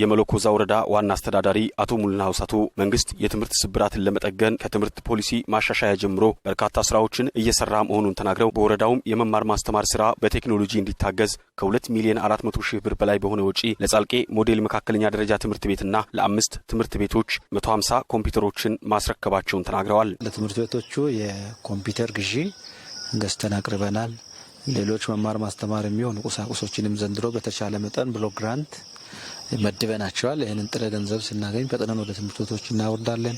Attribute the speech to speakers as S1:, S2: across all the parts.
S1: የመለኮዛ ወረዳ ዋና አስተዳዳሪ አቶ ሙልና ውሳቶ መንግስት የትምህርት ስብራትን ለመጠገን ከትምህርት ፖሊሲ ማሻሻያ ጀምሮ በርካታ ስራዎችን እየሰራ መሆኑን ተናግረው በወረዳውም የመማር ማስተማር ስራ በቴክኖሎጂ እንዲታገዝ ከ2 ሚሊዮን አራት ሺህ ብር በላይ በሆነ ወጪ ለጻልቄ ሞዴል መካከለኛ ደረጃ ትምህርት ቤትና ለአምስት ትምህርት ቤቶች 150 ኮምፒውተሮችን ማስረከባቸውን ተናግረዋል።
S2: ለትምህርት ቤቶቹ የኮምፒውተር ግዢ ገዝተን አቅርበናል። ሌሎች መማር ማስተማር የሚሆኑ ቁሳቁሶችንም ዘንድሮ በተቻለ መጠን ብሎክ ግራንት መድበናቸዋል። ይህንን ጥሬ ገንዘብ ስናገኝ ፈጥነን ወደ ትምህርት ቤቶች እናወርዳለን።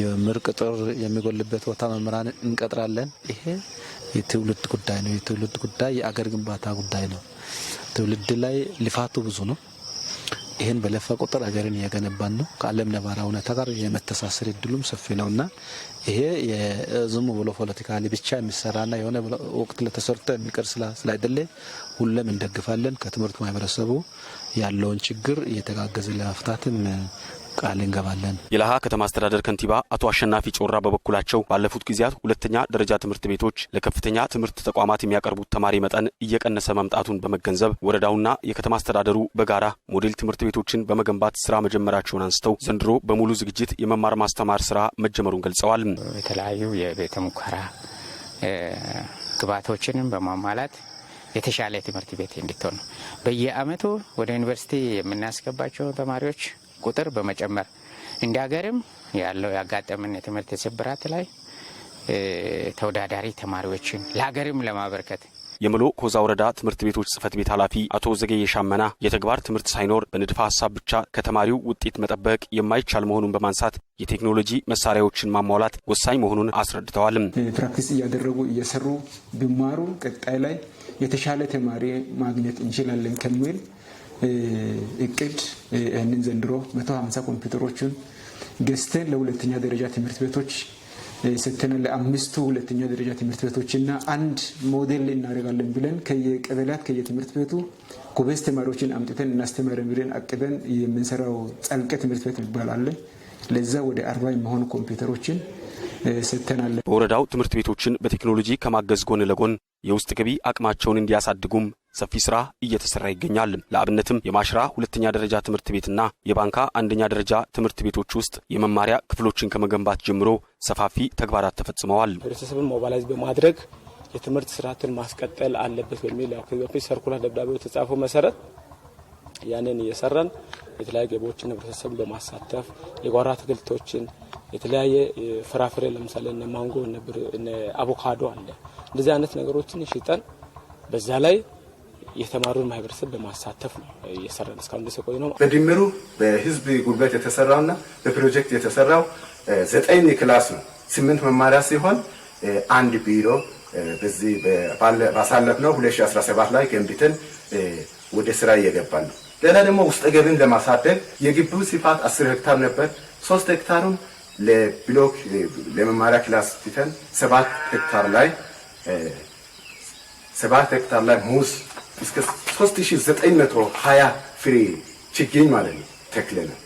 S2: የምር ቅጥር የሚጎልበት ቦታ መምህራን እንቀጥራለን። ይሄ የትውልድ ጉዳይ ነው። የትውልድ ጉዳይ የአገር ግንባታ ጉዳይ ነው። ትውልድ ላይ ልፋቱ ብዙ ነው። ይህን በለፋ ቁጥር ሀገርን እያገነባን ነው። ከዓለም ነባራ እውነታ ጋር የመተሳሰር እድሉም ሰፊ ነው እና ይሄ ዝም ብሎ ፖለቲካ ብቻ የሚሰራና የሆነ ወቅት ለተሰርቶ የሚቀር ስላይደለ ሁለም እንደግፋለን። ከትምህርት ማህበረሰቡ ያለውን ችግር እየተጋገዘ ለመፍታትም ቃል እንገባለን።
S1: የለሀ ከተማ አስተዳደር ከንቲባ አቶ አሸናፊ ጮራ በበኩላቸው ባለፉት ጊዜያት ሁለተኛ ደረጃ ትምህርት ቤቶች ለከፍተኛ ትምህርት ተቋማት የሚያቀርቡት ተማሪ መጠን እየቀነሰ መምጣቱን በመገንዘብ ወረዳውና የከተማ አስተዳደሩ በጋራ ሞዴል ትምህርት ቤቶችን በመገንባት ስራ መጀመራቸውን አንስተው ዘንድሮ በሙሉ ዝግጅት የመማር ማስተማር ስራ መጀመሩን ገልጸዋል።
S3: የተለያዩ የቤተ ሙከራ ግብዓቶችንም በማሟላት የተሻለ ትምህርት ቤት እንድትሆን በየአመቱ ወደ ዩኒቨርሲቲ የምናስገባቸው ተማሪዎች ቁጥር በመጨመር እንደ ሀገርም ያለው ያጋጠምን የትምህርት ስብራት ላይ ተወዳዳሪ ተማሪዎችን ለሀገርም ለማበርከት
S1: የምሎ ኮዛ ወረዳ ትምህርት ቤቶች ጽህፈት ቤት ኃላፊ አቶ ዘገየ ሻመና የተግባር ትምህርት ሳይኖር በንድፈ ሀሳብ ብቻ ከተማሪው ውጤት መጠበቅ የማይቻል መሆኑን በማንሳት የቴክኖሎጂ መሳሪያዎችን ማሟላት ወሳኝ መሆኑን አስረድተዋል።
S4: ፕራክቲስ እያደረጉ እየሰሩ ቢማሩ ቀጣይ ላይ የተሻለ ተማሪ ማግኘት እንችላለን ከሚል እቅድ ያንን ዘንድሮ መቶ ሀምሳ ኮምፒውተሮችን ገዝተን ለሁለተኛ ደረጃ ትምህርት ቤቶች ሰተነ ለአምስቱ ሁለተኛ ደረጃ ትምህርት ቤቶች እና አንድ ሞዴል እናደርጋለን ብለን ከየቀበላት ከየትምህርት ቤቱ ጎበዝ ተማሪዎችን አምጥተን እናስተማረ ብለን አቅደን የምንሰራው ጸልቀ ትምህርት ቤት ይባላለን። ለዛ ወደ አርባ የሚሆኑ ኮምፒውተሮችን
S1: ሰተናለን። በወረዳው ትምህርት ቤቶችን በቴክኖሎጂ ከማገዝ ጎን ለጎን የውስጥ ገቢ አቅማቸውን እንዲያሳድጉም ሰፊ ስራ እየተሰራ ይገኛል። ለአብነትም የማሽራ ሁለተኛ ደረጃ ትምህርት ቤትና የባንካ አንደኛ ደረጃ ትምህርት ቤቶች ውስጥ የመማሪያ ክፍሎችን ከመገንባት ጀምሮ ሰፋፊ ተግባራት ተፈጽመዋል።
S5: ህብረተሰብን ሞባላይዝ በማድረግ የትምህርት ስርዓትን ማስቀጠል አለበት በሚል ከዚህ በፊት ሰርኩላር ደብዳቤ የተጻፈው መሰረት ያንን እየሰራን የተለያዩ ገቢዎችን ህብረተሰብን በማሳተፍ የጓራ አትክልቶችን የተለያየ ፍራፍሬ ለምሳሌ እነ ማንጎ፣ እነ አቮካዶ አለ እንደዚህ አይነት ነገሮችን ሽጠን በዛ ላይ የተማሩን ማህበረሰብ በማሳተፍ ነው እየሰራን እስካሁን ድረስ የቆየ ነው።
S6: በድምሩ በህዝብ ጉልበት የተሰራውና በፕሮጀክት የተሰራው ዘጠኝ ክላስ ነው። ስምንት መማሪያ ሲሆን አንድ ቢሮ በዚህ ነው 2017 ላይ ገንብተን ወደ ስራ እየገባን ነው። ሌላ ደግሞ ውስጥ ገቢን ለማሳደግ የግቢው ስፋት አስር ሄክታር ነበር። ሶስት ሄክታሩን ለብሎክ ለመማሪያ ክላስ ትተን ሰባት ሄክታር ላይ ሰባት ሄክታር ላይ ሙዝ እስከ 3920 ፍሬ ችግኝ ማለት ነው ተክለናል።